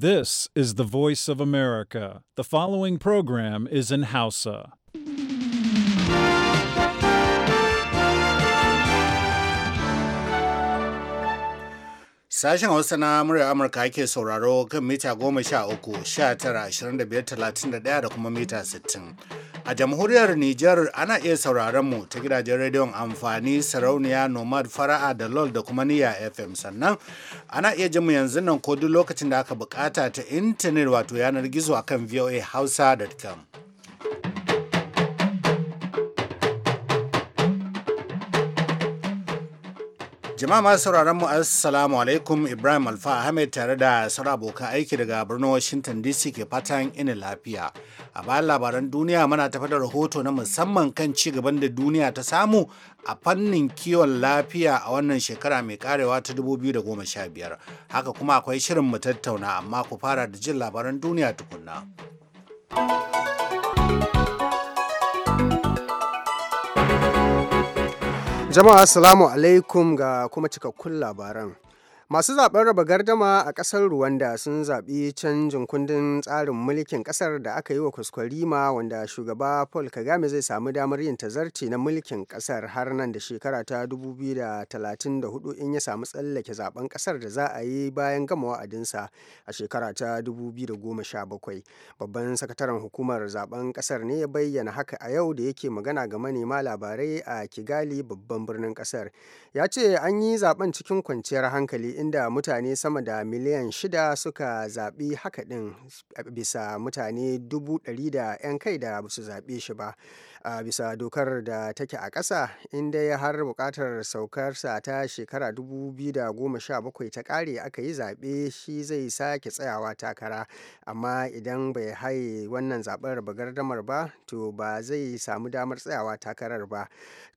This is the voice of America. The following program is in Hausa. Sashen Hausa na murya Amurka ake sauraro kan mita goma sha uku, sha tara, ashirin da biyar, talatin da ɗaya da kuma mita sittin. A jamhuriyar Nijar ana iya sauraron mu ta gidajen rediyon amfani sarauniya Nomad Fara'a da LOL da kuma Niyya FM sannan ana iya jin mu yanzu nan ko duk lokacin da aka bukata ta intanet wato yanar gizo akan voahausa.com. Jama'a masu sauraron mu assalamu alaikum Ibrahim Alfa Ahmed tare da sauran abokan aiki daga birnin Washington DC ke fatan ina lafiya. A bayan labaran duniya muna tafi da rahoto na musamman kan ci gaban da duniya ta samu a fannin kiwon lafiya a wannan shekara mai karewa ta 2015. Haka kuma akwai shirin mu tattauna amma ku fara da jin labaran duniya tukunna. Jama'a salamu alaikum ga kuma cikakkun labaran. Masu zaben raba gardama a ƙasar Rwanda sun zaɓi canjin kundin tsarin mulkin ƙasar da aka yi wa kwaskwarima wanda shugaba Paul Kagame zai samu damar yin tazarci na mulkin ƙasar har nan da shekara ta 2034 in ya samu tsallake zaben ƙasar da za a yi bayan gama wa'adinsa a shekara ta 2017. Babban sakataren hukumar zaben ƙasar ne ya bayyana haka a yau da yake magana ga manema labarai a Kigali babban birnin ƙasar. Ya ce an yi zaben cikin kwanciyar hankali inda mutane sama da miliyan shida suka zaɓi haka ɗin bisa mutane dubu ɗari da 'yan kai da su zaɓe shi ba a bisa dokar da take a ƙasa inda ya har buƙatar saukarsa ta shekara 2017 ta ƙare aka yi zaɓe shi zai sake tsayawa takara amma idan bai haye wannan zaɓar ba gardamar ba to ba zai samu damar tsayawa takarar ba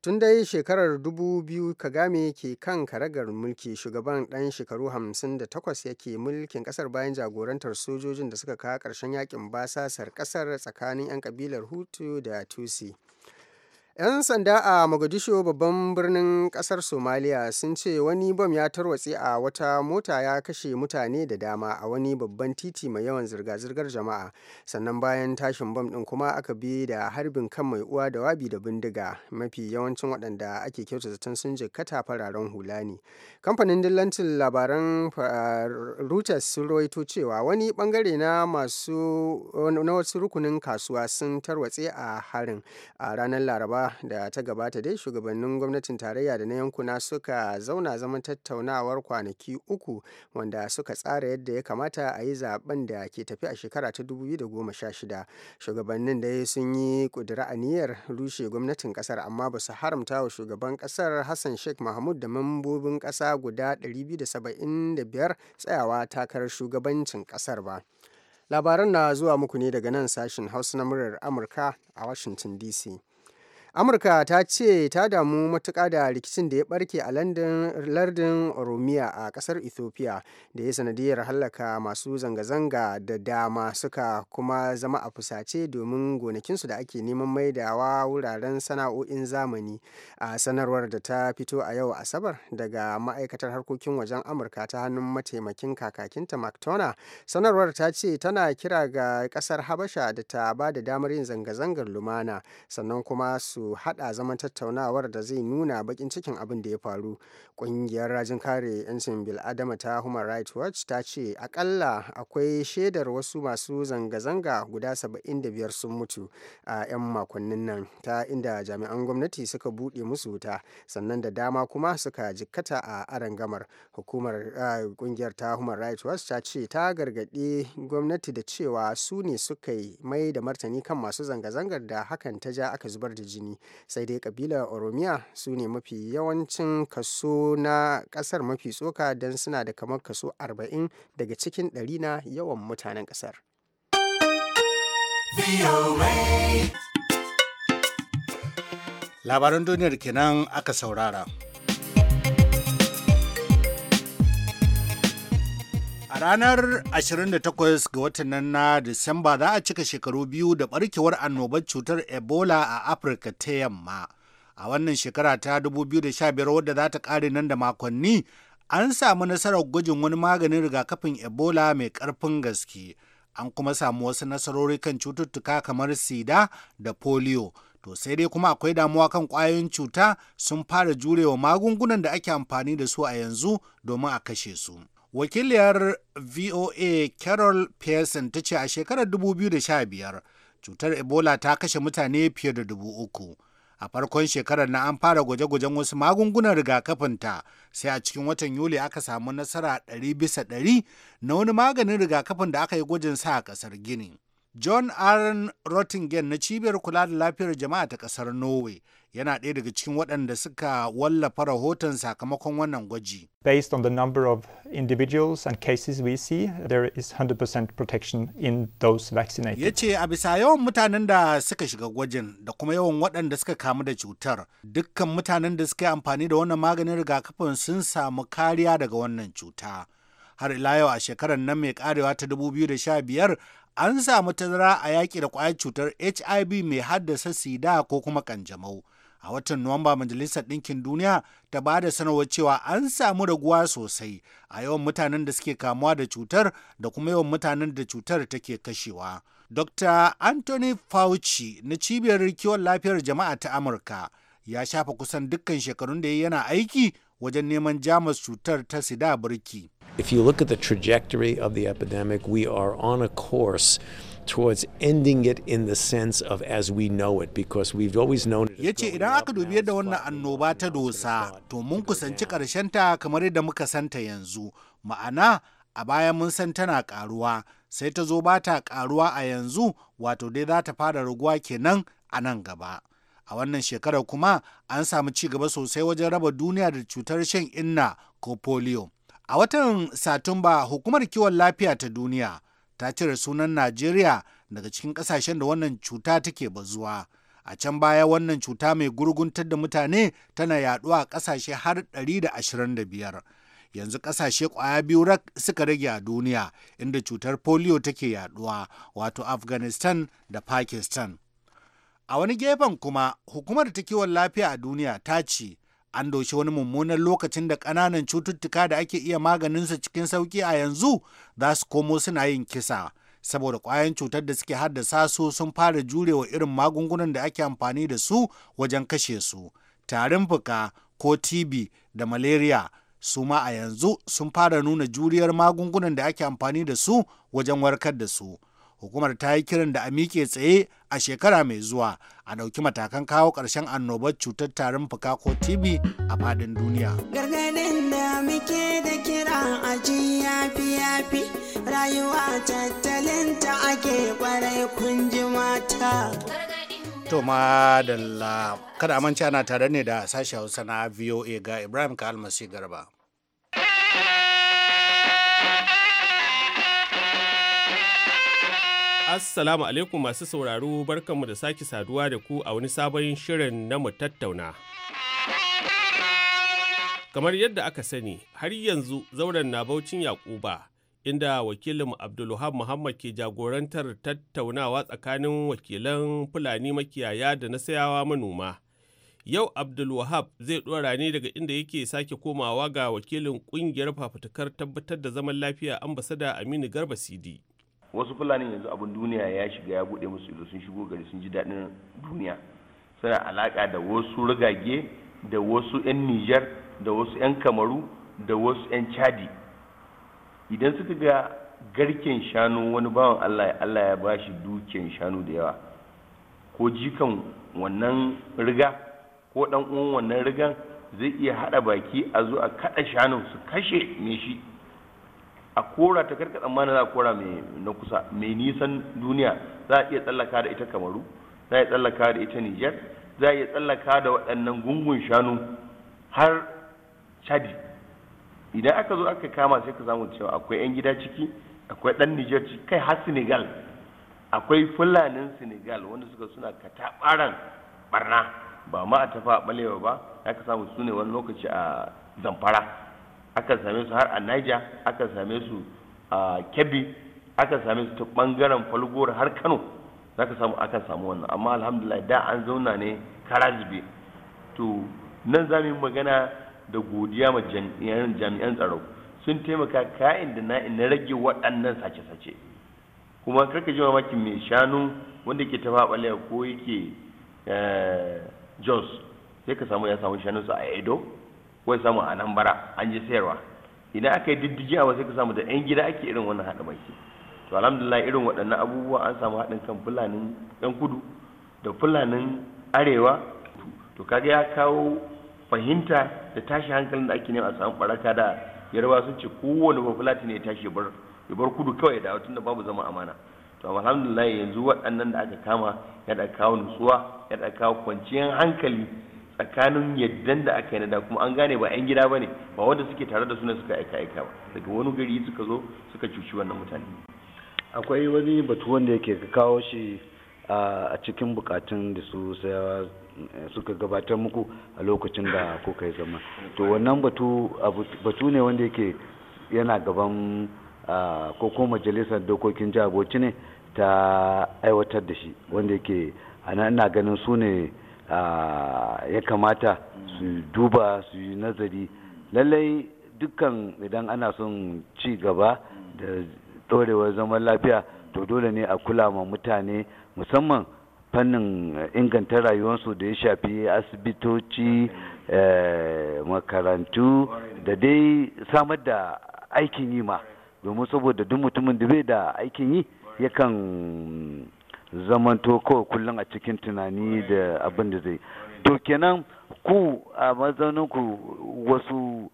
tun dai shekarar 2000 kagame ke kan karagar mulki shugaban ɗan shekaru 58 yake mulkin ƙasar bayan jagorantar sojojin da suka kawo ƙarshen yakin basasar ƙasar tsakanin 'yan ƙabilar hutu da tusi 'Yan sanda a Mogadishu babban birnin kasar Somaliya sun ce wani bam ya tarwatse a wata mota ya kashe mutane da dama a wani babban titi mai yawan zirga-zirgar jama'a. Sannan bayan tashin bam din kuma aka bi da harbin kan mai uwa da wabi da bindiga mafi yawancin waɗanda ake kyauta zaton sun jikkata fararen hula ne. Kamfanin dillancin labaran ah, Reuters sun rawaito cewa wani bangare na masu na wasu rukunin kasuwa sun tarwatse a harin a ranar Laraba da ta gabata dai shugabannin gwamnatin tarayya da na yankuna suka zauna zaman tattaunawar kwanaki uku wanda suka tsara yadda ya kamata a yi zaben da ke tafi a shekara ta 2016. Shugabannin dai sun yi kudura aniyar rushe gwamnatin kasar amma ba su haramta wa shugaban kasar Hassan Sheikh Mahmud da mambobin kasa guda 275 tsayawa takarar shugabancin kasar ba. Labaran na zuwa muku ne daga nan sashen Hausa na muryar Amurka a Washington DC. amurka ta ce ta damu matuƙa da rikicin da ya barke a lardin oromiya a ƙasar ethiopia da ya sanadiyar hallaka masu zanga-zanga da dama suka kuma zama a fusace domin gonakinsu da ake neman maidawa wuraren sana'o'in zamani a sanarwar da ta fito a yau asabar daga ma'aikatar harkokin wajen amurka ta hannun mataimakin kakakinta mactona sanarwar ta ce tana kira ga ƙasar habasha da ta ba da damar yin zanga-zangar lumana sannan kuma su su hada zaman tattaunawar da zai nuna bakin cikin abin da ya faru kungiyar rajin kare 'yancin bil'adama ta human rights watch ta ce akalla akwai shaidar wasu masu zanga-zanga guda 75 sun mutu a 'yan makonnin nan ta inda jami'an gwamnati suka buɗe musu wuta sannan da dama kuma suka jikkata a arangamar hukumar kungiyar ta human rights watch ta ce ta gargaɗi gwamnati da cewa su ne suka yi mai da martani kan masu zanga-zangar da hakan ta ja aka zubar da jini sai dai kabila oromiya su ne mafi yawancin kaso na kasar mafi tsoka don suna da kamar kaso 40 daga cikin 100 na yawan mutanen kasar labaran duniyar kenan aka saurara ranar 28 ga watan nan na Disamba za a cika shekaru biyu da barkewar annobar cutar Ebola a Afirka ta yamma. A wannan shekara ta 2015 wadda za ta kare nan da makonni, an samu nasarar gwajin wani maganin rigakafin Ebola mai ƙarfin gaske. An kuma samu wasu nasarori kan cututtuka kamar sida da polio. to sai dai kuma akwai damuwa kan kwayoyin cuta sun fara jurewa magungunan da ake amfani da su a yanzu domin a kashe su. wakiliyar voa carol pearson ta ce a shekarar 2015 cutar ebola ta kashe mutane fiye da dubu uku a farkon shekarar na an fara gwaje-gwajen wasu magungunan rigakafinta sai a cikin watan yuli aka samu nasara 100 bisa 100 na wani maganin rigakafin da aka yi gwajin sa a kasar gini John Aaron Rottingen na cibiyar kula da lafiyar jama'a ta ƙasar Norway yana ɗaya daga cikin waɗanda suka wallafa rahoton sakamakon wannan gwaji. Based on the number of individuals and cases we see, there is 100% protection in those vaccinated. Ya ce a bisa yawan mutanen da suka shiga gwajin da kuma yawan waɗanda suka kamu da cutar, dukkan mutanen da suka yi amfani da wannan maganin rigakafin sun samu kariya daga wannan cuta. har ila yau a shekarar nan mai karewa ta 2015 an samu tazara a yaƙi da ƙwayar cutar hiv mai haddasa sida ko kuma kanjamau a watan nuwamba majalisar ɗinkin duniya ta ba da sanarwar cewa an samu raguwa sosai a yawan mutanen da suke kamuwa da cutar da kuma yawan mutanen da cutar take kashewa dr anthony fauci na cibiyar kiwon lafiyar jama'a ta amurka ya shafa kusan dukkan shekarun da yana aiki wajen neman jamus cutar ta sida birki. If you look at the trajectory of the epidemic, we are on a course towards ending it in the sense of as we know it because we've always known it. Yace idan aka dubi yadda wannan annoba ta dosa to mun kusanci ta kamar yadda muka santa yanzu. Ma'ana a baya mun san tana karuwa sai ta zo ba ta karuwa a yanzu wato dai za ta fara raguwa kenan a nan gaba. a wannan shekarar kuma an samu ci gaba sosai wajen raba duniya da cutar shan inna ko polio a watan satumba hukumar kiwon lafiya ta duniya ta cire sunan najeriya daga cikin kasashen da wannan cuta take bazuwa a can baya wannan cuta mai gurguntar da mutane tana yaduwa a kasashe har 125 yanzu kasashe kwaya biyu rak suka rage a duniya inda cutar polio take yaduwa wato afghanistan da pakistan A wani gefen kuma hukumar ta kiwon lafiya a duniya ta ce an doshi wani mummunan lokacin da ƙananan cututtuka da ake iya maganin su cikin sauƙi a yanzu za su komo suna yin kisa. saboda ƙwayan cutar da suke haddasa su sun fara jurewa irin magungunan da ake amfani da su wajen kashe su tarin fuka ko tb da malaria su ma a yanzu sun fara nuna juriyar magungunan da ake amfani da su wajen warkar da su hukumar ta yi kiran da a miƙe tsaye a shekara mai zuwa a ɗauki matakan kawo ƙarshen annobar cutar tarin fuka ko tb a faɗin duniya gargaɗin da muke da kira a yafi yafi rayuwa tattalin ake kwarai kun ji mata To kada manci ana tare ne da sashi Hausa na VOA ga Ibrahim Kalmasi Garba. Assalamu alaikum masu sauraro barkanmu da sake saduwa da ku a wani sabon shirin na mu tattauna. Kamar yadda aka sani, har yanzu zauren na Baucin Yakuba, inda wakilin Abdulluhab Muhammad ke jagorantar tattaunawa tsakanin wakilan Fulani makiyaya da na sayawa manoma. Yau Abdulwahab zai ɗora ne daga inda yake sake komawa ga wakilin ƙungiyar fafutukar tabbatar da zaman lafiya ambasada Aminu Garba Sidi. wasu fulani yanzu abin duniya ya shiga ya bude musu ido sun shigo gari sun ji daɗin duniya suna alaƙa da wasu rigage da wasu 'yan nijar da wasu 'yan kamaru da wasu 'yan chadi idan suka ga garken shanu wani bawan allah allah ya bashi shi shanu da yawa ko jikan wannan riga ko ɗan uwan wannan rigan zai iya haɗa baki a zo a kaɗa shanun su kashe me shi a kora ta karka na za a kora mai na kusa mai nisan duniya za a iya tsallaka da ita kamaru za a iya tsallaka da ita niger za a iya tsallaka da waɗannan gungun shanu har chadi idan aka zo aka kama sai ka samu cewa akwai 'yan gida ciki akwai ɗan niger ciki kai har senegal akwai fulanin senegal wanda suka suna kataɓaran barna ba ma a tafa balewa ba ya ka samu su ne wani lokaci a zamfara akan same su har a niger akan same su a kebbi akan same su ta bangaren falgor har kano za ka samu akan samu wannan amma alhamdulillah da an zauna ne karazibe to nan za mu yi magana da godiya ma jami'an tsaro sun taimaka ka'in da na'in na rage waɗannan sace-sace kuma karka ji mamakin mai shanu wanda ke tafa ɓalewa ko yake eh, jos sai ka samu ya samu shanunsa a edo wai samu a nan bara an ji sayarwa idan aka yi diddigi a wasu kasa samu da yan gida ake irin wannan haɗa baki to alhamdulillah irin waɗannan abubuwa an samu haɗin kan fulanin yan kudu da fulanin arewa to kaga ya kawo fahimta da tashi hankalin da ake nema a samu baraka da yarba sun ce kowane bafulati ne ya tashi bar ya bar kudu kawai da tun da babu zama amana to alhamdulillah yanzu waɗannan da aka kama ya da kawo nutsuwa ya da kawo kwanciyar hankali tsakanin yaddan da aka yi da kuma an gane ba 'yan gida ba ne ba wanda suke tare da suna suka aika aika ba daga wani gari suka zo suka cuci wannan mutane akwai wani batu wanda yake kawo shi a cikin bukatun da su eh, suka gabatar muku a lokacin da kuka yi zama to wannan batu batu ne wanda yake yana gaban ko ko majalisar dokokin jiha ne ta aiwatar da shi wanda yake ana ganin su ne ya kamata su duba su yi nazari lallai dukkan idan ana son ci gaba da ɗorewar zaman lafiya to dole ne a kula ma mutane musamman fannin inganta rayuwarsu da ya shafi asibitoci eh, makarantu da dai samar da aikin yi ma domin saboda duk mutumin da bai da aikin yi yakan zamanto kawai kullum a cikin tunani da abin da zai to kenan ku a ku wasu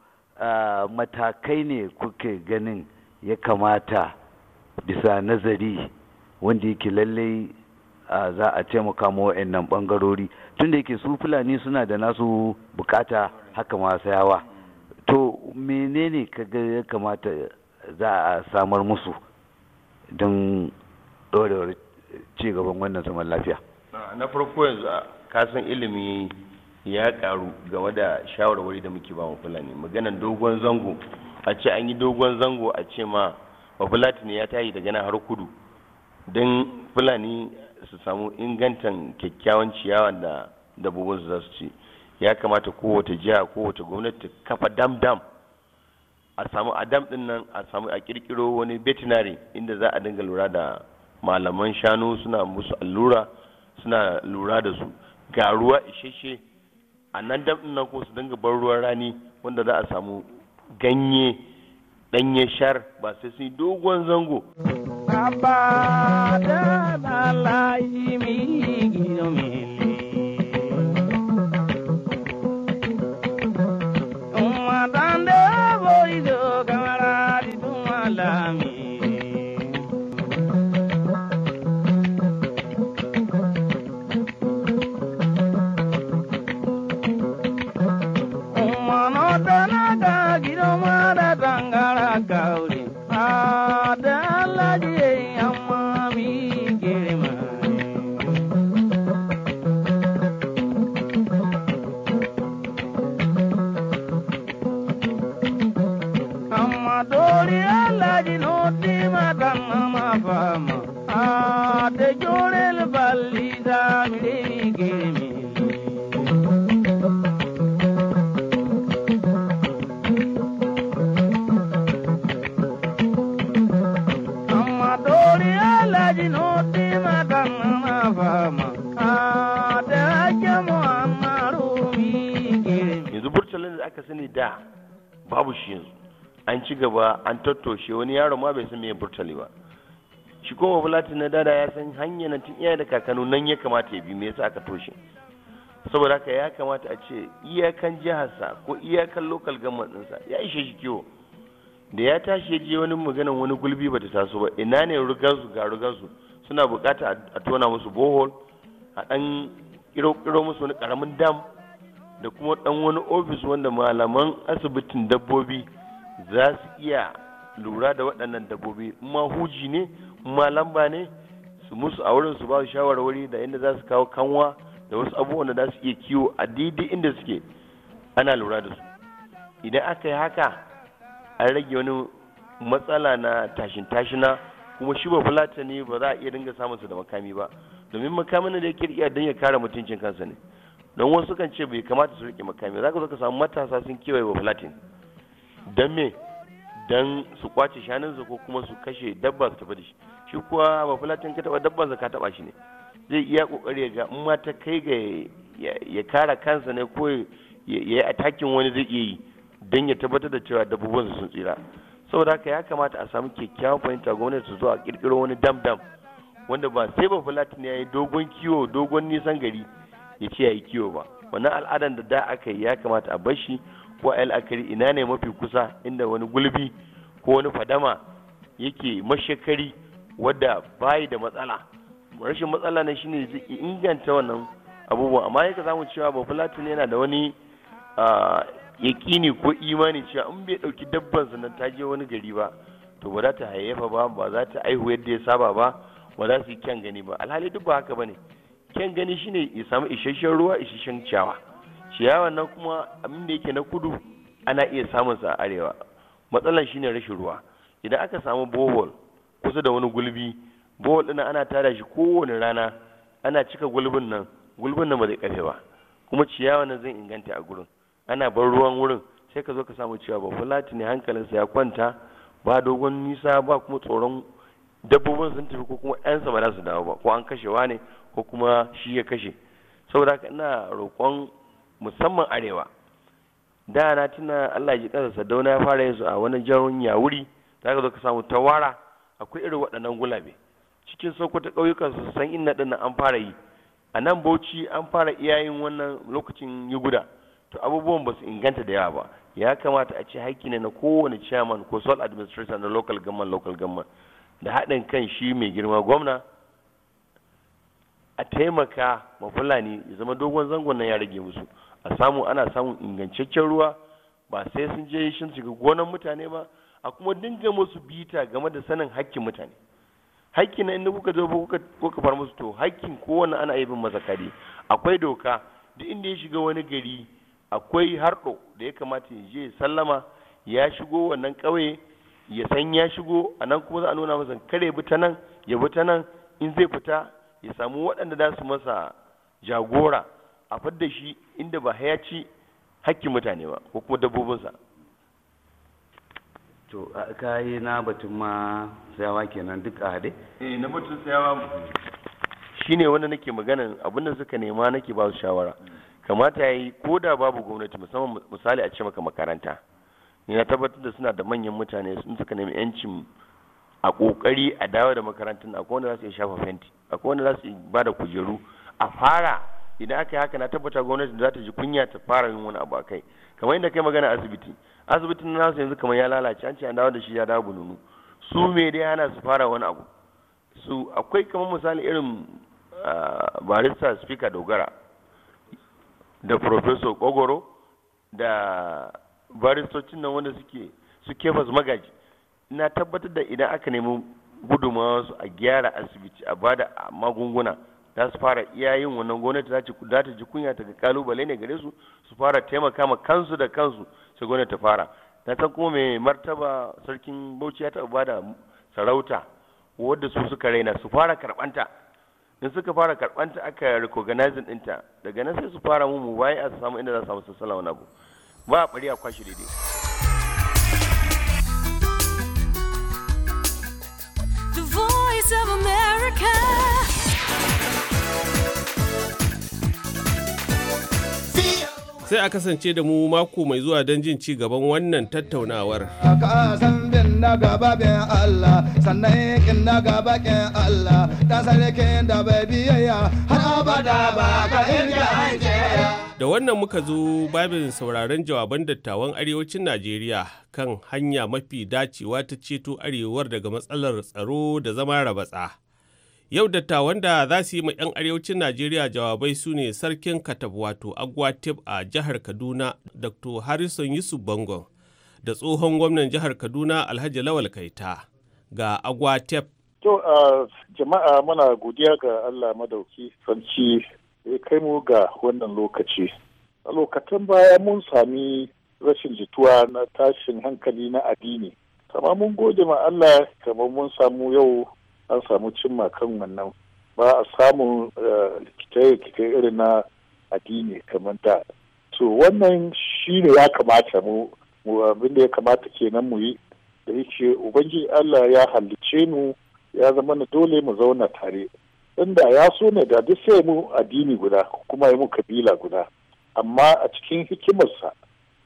matakai ne kuke ganin ya kamata bisa nazari wanda yake lallai za a mu kamo wa'annan bangarori tun da yake su fulani suna da nasu bukata haka masu yawa to menene kaga ya kamata za a samar musu don ɗorewar ci gaban wannan zaman lafiya na farko yanzu kasan ilimi ya karu game da shawarwari da muke ba wa fulani maganan dogon zango a ce an yi dogon zango a ce ma fulati ne ya tayi daga nan har kudu don fulani su samu ingantan kyakkyawan ciyawa da dabbobin su za su ci ya kamata kowace jiha kowace gwamnati kafa dam dam a samu a dam din nan a samu a kirkiro wani veterinary inda za a dinga lura da malaman shanu suna musu allura suna lura da su ga ruwa isheshe a nan nan ko su dinga bar ruwan rani wanda za a samu ganye danye shar ba sai sun dogon zango Baba da layi mi an tattoshe wani yaro ma bai san me burtali ba shi ko bulati na dada ya san hanya na tun iya da kakanu nan ya kamata ya bi me yasa aka toshe saboda haka ya kamata a ce iyakan jiharsa ko iyakan lokal government ɗinsa ya ishe shi kiwo da ya tashi ya je wani maganan wani gulbi ba ta taso ba ina ne rugarsu ga rugarsu suna bukata a tona musu bohol a ɗan kiro musu wani karamin dam da kuma ɗan wani ofis wanda malaman asibitin dabbobi za su iya lura da waɗannan dabbobi ma huji ne ma lamba ne su musu a wurin su ba su shawarwari da inda za su kawo kanwa da wasu abubuwan da za su iya kiwo a daidai inda suke ana lura da su idan aka yi haka an rage wani matsala na tashin tashina kuma shi ba fulata ne ba za a iya dinga samun su da makami ba domin makamin da yake iya don ya kare mutuncin kansa ne don wasu kan ce bai kamata su rike makami za ka zo ka samu matasa sun kewaye ba fulatin don me don su kwace shanunsa ko kuma su kashe dabba su tafi da shi shi kuwa ba fulatin ka taba dabba ka taba shi ne zai iya kokari ga in ma ta kai ga ya kara kansa ne ko ya yi atakin wani zai iya yi don ya tabbatar da cewa su sun tsira saboda haka ya kamata a samu kyakkyawan fahimta gwamnati su zo a kirkiro wani dam dam wanda ba sai ba fulatin ya yi dogon kiwo dogon nisan gari ya ce ya yi kiwo ba wannan al'adan da da aka yi ya kamata a bar shi ko a ina ne mafi kusa inda wani gulbi ko wani fadama yake mashekari wadda bayi da matsala rashin matsala na shine zai inganta wannan abubuwa amma yaka zamu cewa ba latin yana da wani yakini ko imani cewa in bai dauki dabban sannan ta je wani gari ba to ba za ta hayayyafa ba ba za ta aihu yadda ya saba ba ba za su yi kyan gani ba alhali duk ba haka bane kyan gani shine ya samu isasshen ruwa isasshen ciyawa ciyawa nan kuma abin da yake na kudu ana iya samun sa a arewa matsalar shine rashin ruwa idan aka samu bohol kusa da wani gulbi bohol ɗin ana tada shi kowane rana ana cika gulbin nan gulbin nan ba zai kafe ba kuma ciyawa nan zai inganta a gurin ana bar ruwan wurin sai ka zo ka samu ciyawa ba fulati ne hankalinsa ya kwanta ba dogon nisa ba kuma tsoron dabbobin sun tafi ko kuma ƴansa ba za su dawo ba ko an kashewa ne ko kuma shi ya kashe saboda haka ina roƙon musamman arewa da na tuna Allah ji kasa Sadauna ya fara su a wani jarun wuri za ka zo ka samu tawara akwai irin waɗannan gulabe cikin sokoto ƙauyukan su san inna ɗin an fara yi a nan bauchi an fara iyayin wannan lokacin yi guda to abubuwan ba su inganta da yawa ba ya kamata a ce haƙƙi ne na kowane chairman ko sole administrator na local government local government da haɗin kan shi mai girma gwamna a taimaka ma fulani ya zama dogon zangon nan ya rage musu a samu ana samun ingantaccen ruwa ba sai sun je sun shiga gonan mutane ba a kuma dinga musu bita game da sanin hakkin mutane hakki na inda kuka zo kuka far musu to hakkin kowanne ana yi bin masa kare akwai doka duk inda ya shiga wani gari akwai harɗo da ya kamata ya je sallama ya shigo wannan ƙauye ya san ya shigo a nan kuma za a nuna masa kare bi ta nan ya bi ta nan in zai fita ya samu waɗanda za su masa jagora a fadda shi inda ba ya ci hakkin mutane ba ko kuma dabbobinsa to a kayi na batun ma sayawa kenan duk a haɗe eh na batun sayawa shine wanda nake maganan abinda suka nema nake ba su shawara kamata ya yi ko da babu gwamnati musamman misali a ce maka makaranta ni na tabbatar da suna da manyan mutane sun suka nemi yancin a kokari a dawo da makarantun akwai wanda za su iya shafa fenti akwai wanda za su ba da kujeru a fara idan aka yi haka na tabbata gwamnati za ta ji kunya ta fara yin wani abu a kai kamar yadda kai magana asibiti asibitin nasu yanzu kamar ya lalace an ce an dawo da shi ya dawo bulunu su me dai hana su fara wani abu su akwai kamar misali irin barista speaker dogara da professor kogoro da baristocin nan wanda suke su kefas magaji na tabbatar da idan aka nemi gudunmawa su a gyara asibiti a bada magunguna za su fara iya yin wannan gwamnati za ta ji kunya ta ga kalubale ne gare su su fara taimaka ma kansu da kansu su gwamnati ta fara na san kuma mai martaba sarkin bauchi ya taɓa bada sarauta wadda su suka raina su fara karɓanta in suka fara karbanta aka recognizing ɗinta daga nan sai su fara mu mu baya a samu inda za su samu sassala wani abu ba a ɓari a kwashe daidai sai a kasance da mu mako mai zuwa don jin ci gaban wannan tattaunawar. Da wannan muka zo babin sauraron jawaban dattawan arewacin Najeriya kan hanya mafi dacewa ta ceto arewar daga matsalar tsaro da zama rabatsa. Yau dattawan da za su yi ma 'yan arewacin Najeriya jawabai su ne sarkin Katab wato Agwatib a jihar Kaduna Dr. Harrison Yusuf Bangon da tsohon gwamnan jihar Kaduna Alhaji Lawal Kaita ga Agwatib. To jama'a muna godiya ga Allah madauki sanci ya kai mu ga wannan lokaci. A lokacin baya mun sami rashin jituwa na tashin hankali na addini. Kamar mun gode ma Allah kamar mun samu yau an samu cimma kan wannan ba a samun eh, rikice-rikice irin na addini kamar da to wannan shi ne ya kamata mu abin da ya kamata kenan mu yi da yake ubangiji allah ya halicce mu ya zama na dole mu zauna tare inda ya so ne da duk sai mu addini guda kuma ya mu kabila guda amma a cikin hikimarsa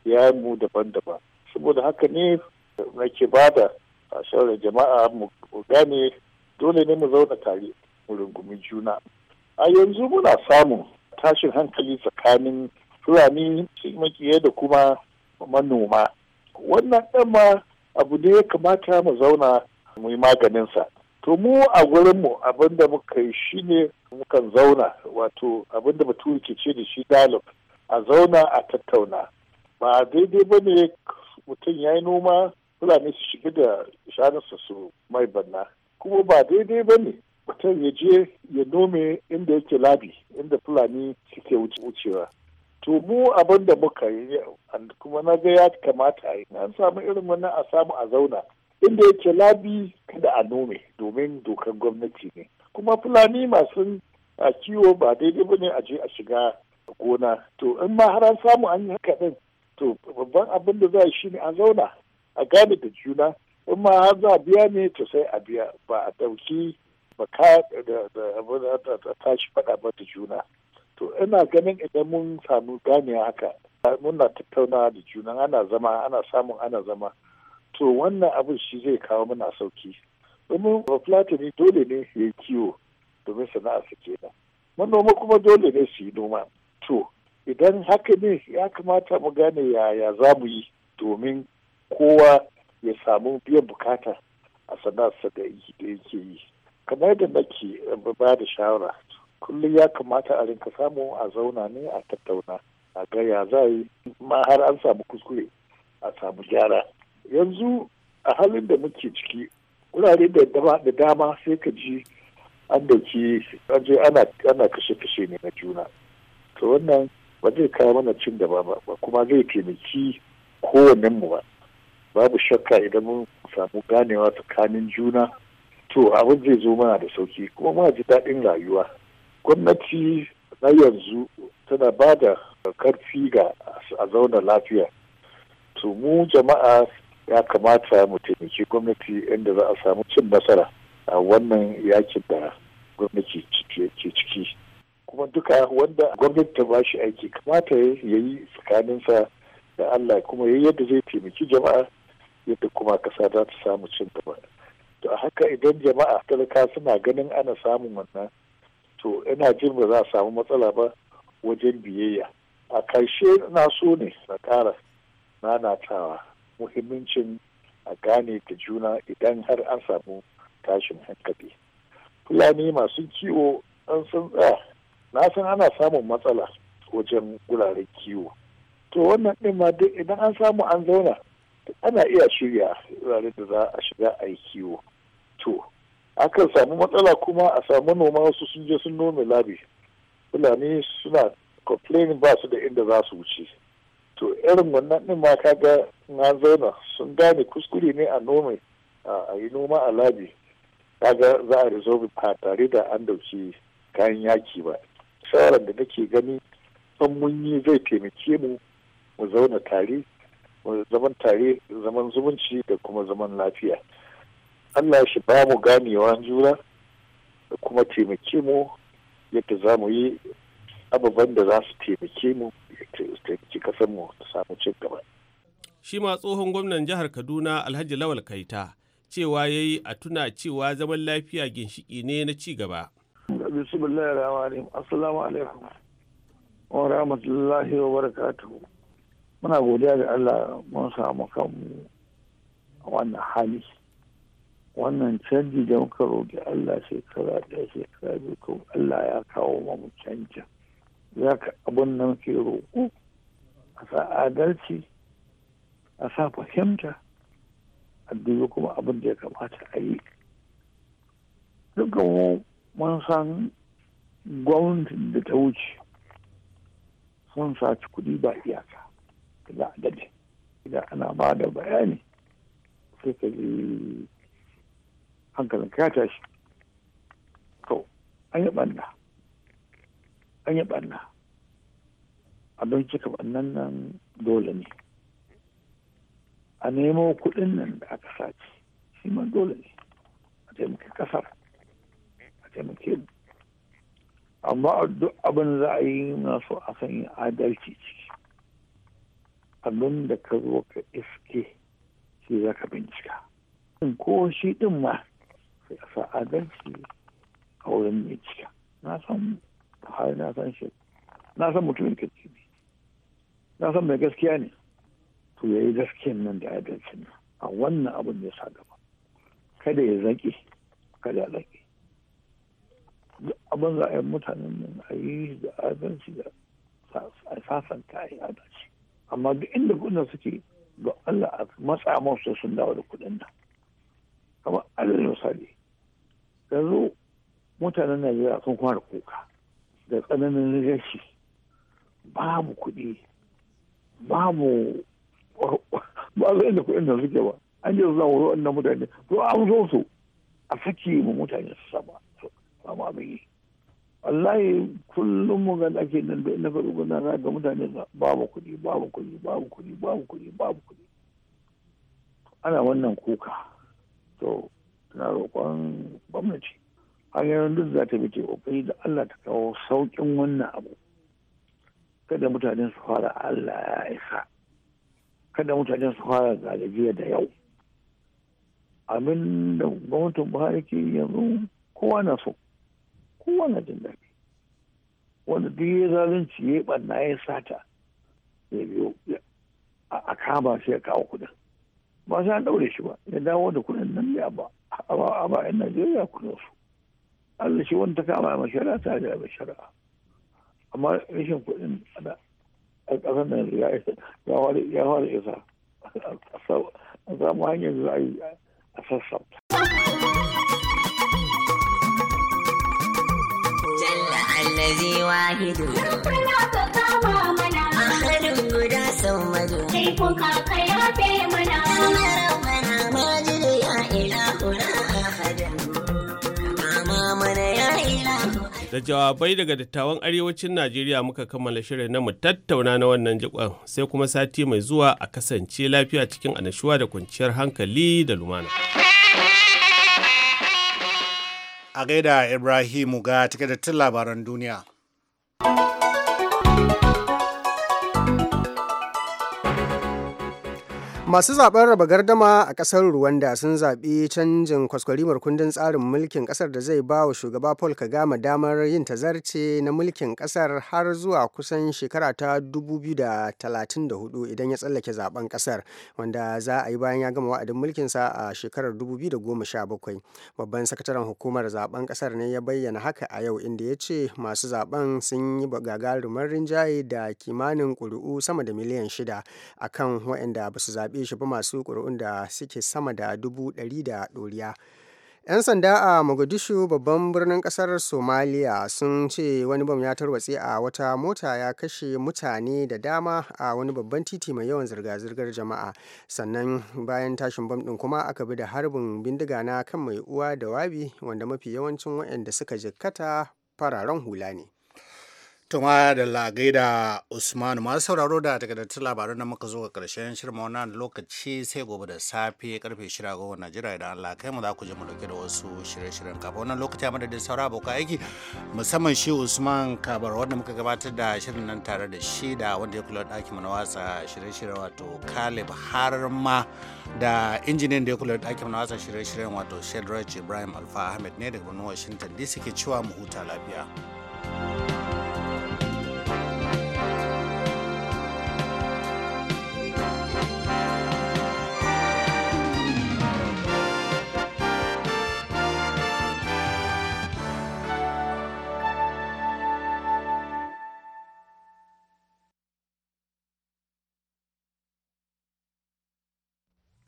ya mu daban-daban saboda haka ne nake bada a jama'a mu gane dole ne mu zauna tare mu rungumi juna a yanzu muna samun tashin hankali tsakanin fulani makiye da kuma manoma wannan ɗan ma abu ne ya kamata mu zauna mu yi maganinsa to mu a gurinmu abin da muka yi shi ne mukan zauna wato abinda da bature ke ce da shi dalib a zauna a tattauna ba a daidai ba ne mutum ya yi noma fulani su shiga da shanunsa su mai banna kuma ba daidai ba ne mutum ya je ya nome inda yake labi inda fulani suke wucewa to mu abin da muka yi kuma na ga ya kamata a yi an samu irin wannan a samu a zauna inda yake labi kada a nome domin dokar gwamnati ne kuma fulani masu a kiwo ba daidai ba ne a je a shiga gona to in ma har an samu an yi haka din to babban abin da za a shi ne a zauna a gane da juna in ma har za biya ne ta sai a biya ba a ɗauki ba ka da ta tashi faɗa ba da juna to ina ganin idan mun samu gane haka muna tattaunawa da juna ana zama ana samun ana zama to wannan abin shi zai kawo mana sauki domin ne dole ne ya yi kiwo domin sana'ar su kenan manoma kuma dole ne su yi noma to idan haka ne ya kamata mu gane yaya za mu yi domin kowa ya samu biyan bukata a sa da yake yi kamar yadda nake eh, ba da shawara kullum ya kamata a rinka samu a zauna ne a tattauna a ga ya za yi ma har an samu kuskure a samu gyara yanzu a halin da muke ciki wurare da dama sai ka ji an ke je ana kashe-kashe ne na juna to wannan ba zai kawo mana cin gaba ba kuma zai taimaki kowannen ba babu shakka idan mun samu ganewa tsakanin juna to abin zai zo mana da sauki kuma ma ji daɗin rayuwa gwamnati na yanzu tana ba da karfi ga a zauna lafiya to mu jama'a ya kamata mu taimaki gwamnati inda za a samu cin nasara a wannan yakin da gwamnati ke ciki kuma duka wanda gwamnati ta bashi aiki kamata ya yi tsakaninsa da allah kuma yayi yadda zai taimaki jama'a yadda kuma kasa za ta samu cin gaba to a haka idan jama'a talaka suna ganin ana samun wannan to ina jin ba za a samu matsala ba wajen biyayya a karshe na so ne na ƙara nanatawa muhimmancin a gane da juna idan har an samu tashin hankali fulani masu kiwo an san tsaya na san ana samun matsala wajen wuraren kiwo to wannan ɗin ma duk idan an samu an zauna ana iya shirya wurare da za a shiga a yi kiwo to akan samu matsala kuma a samu noma wasu sun je sun nome labi fulani suna complaining ba su da inda za su wuce to irin wannan ɗin ma ga na zauna sun gane kuskure ne a nome a yi noma a labi kaga za a resolve ba tare da an dauki kayan yaki ba shawarar da nake gani san mun yi zai taimake mu mu zauna tare zaman tare zaman zumunci da kuma zaman lafiya allah shi ba mu ganewa juna da kuma taimake mu yadda za mu yi ababen da za su taimake mu taimaki mu ta samu cin gaba shi ma tsohon gwamnan jihar kaduna alhaji lawal kaita cewa ya yi a tuna cewa zaman lafiya ginshiki ne na ci gaba. Bismillahirrahmanirrahim. Assalamu alaikum. Wa rahmatullahi wa barakatuhu. muna godiya da allah mun samu kanmu a wannan hali wannan canji da muka roƙi allah shekara ɗaya shekara biyu ko allah ya kawo mu canjin za ka abin nan ke roƙo a sa adalci a sa fahimta a dubi kuma abin da ya kamata a yi dukkan mun san gwamnatin da ta wuce sun saci kuɗi ba iyaka za a daɗe idan ana ba da bayani sai ka ji hankalin ka tashi to an yi banna an yi ɓanna abin cika bannan nan dole ne a nemo kuɗin nan da aka sace shi ma dole ne a taimaki ƙasar a taimaki amma duk abin za a yi na so a san adalci ciki abin da ka zo ka iske shi za ka bincika ko shi din ma sai a sa adalci a wurin bincika na san har na san shi na san mutumin ce ne na san mai gaskiya ne to ya yi gaskiyan nan da adalcin nan a wannan abin da ya sa gaba kada ya zaƙi kada ya zaƙi abin za a yi mutanen nan a yi da adalci da a sasanta a yi adalci amma duk inda kudin suke ga Allah a matsa musu sun dawo da kudin nan allah alal misali yanzu mutanen Najeriya sun fara kuka da tsananin rashi babu kuɗi babu ba a inda kuɗin da suke ba an yi zuwa wurin wannan mutane to an zo su a sake mu mutane su sama su samu abin yi wallahi kullum mu ga ake nan da ina faru guna na ga mutane babu kuɗi babu kuɗi babu kuɗi babu kuɗi babu kuɗi ana wannan kuka to na roƙon gwamnati hanyoyin duk za ta bi ce ƙoƙari da Allah ta kawo sauƙin wannan abu kada mutane su fara Allah ya isa kada mutane su fara galibiya da yau abin da gwamnatin Buhari ke yanzu kowa na so kowane jin daɗi wanda duk ya zalunci ya ɓanna ya sata ya biyo a kama sai ya kawo kuɗin ba sai an ɗaure shi ba ya dawo da kuɗin nan ne a ba a ba yan najeriya kuɗin su allah shi wani ta kama ma shari'a ta da mai shari'a amma rashin kuɗin a ƙasar nan ya fara isa a samu hanyar da za a sassauta allazi wahidu na ka kama mana ahadun guda saumadu kai ko ka yafe mana rabbana majid ya ilahuna ahadan mama mana ya ilahu da jawabai daga dattawan arewacin Najeriya muka kammala shirin na mu tattauna na wannan jikon sai kuma sati mai zuwa a kasance lafiya cikin anashuwa da kwanciyar hankali da lumana. a gaida Ibrahimu ga tun labaran duniya. Masu zaben raba gardama a ƙasar Rwanda sun zaɓi canjin kwaskwarimar kundin tsarin mulkin ƙasar da zai ba wa shugaba Paul Kagame damar yin tazarce na mulkin ƙasar har zuwa kusan shekara ta 2034 idan ya tsallake zaben ƙasar wanda za a yi bayan ya gama wa'adin mulkinsa a shekarar 2017. Babban sakataren hukumar zaben ƙasar ne ya bayyana haka a yau inda ya ce masu zaben sun yi gagarumar rinjaye da kimanin ƙuri'u sama da miliyan shida akan waɗanda ba su zaɓi zai shafi masu ƙuri'un da suke sama da dubu ɗari da ɗoriya 'yan sanda a mogadishu babban birnin ƙasar somaliya sun ce wani bam ya tarwatse a wata mota ya kashe mutane da dama a wani babban titi mai yawan zirga-zirgar jama'a sannan bayan tashin bam ɗin kuma aka bi da harbin bindiga na kan mai uwa da wabi wanda mafi yawancin waɗanda suka jikkata fararen hula ne Tuma da lagai da Usman masu sauraro da takardattun labaran da muka zo ga karshen shirma wannan lokaci sai gobe da safe karfe 6 gobe jira idan Allah kai mu za ku je mu dauke da wasu shirye-shiryen kafa wannan lokaci da dai saura abokan aiki musamman shi Usman Kabar wanda muka gabatar da shirin nan tare da shi da wanda ya kula da ɗakin na watsa shirye-shiryen wato Caleb har ma da injiniyan da ya kula da ɗakin na watsa shirye-shiryen wato Shedrach Ibrahim Alfa Ahmed ne daga birnin Washington DC ke cewa mu huta lafiya. thank you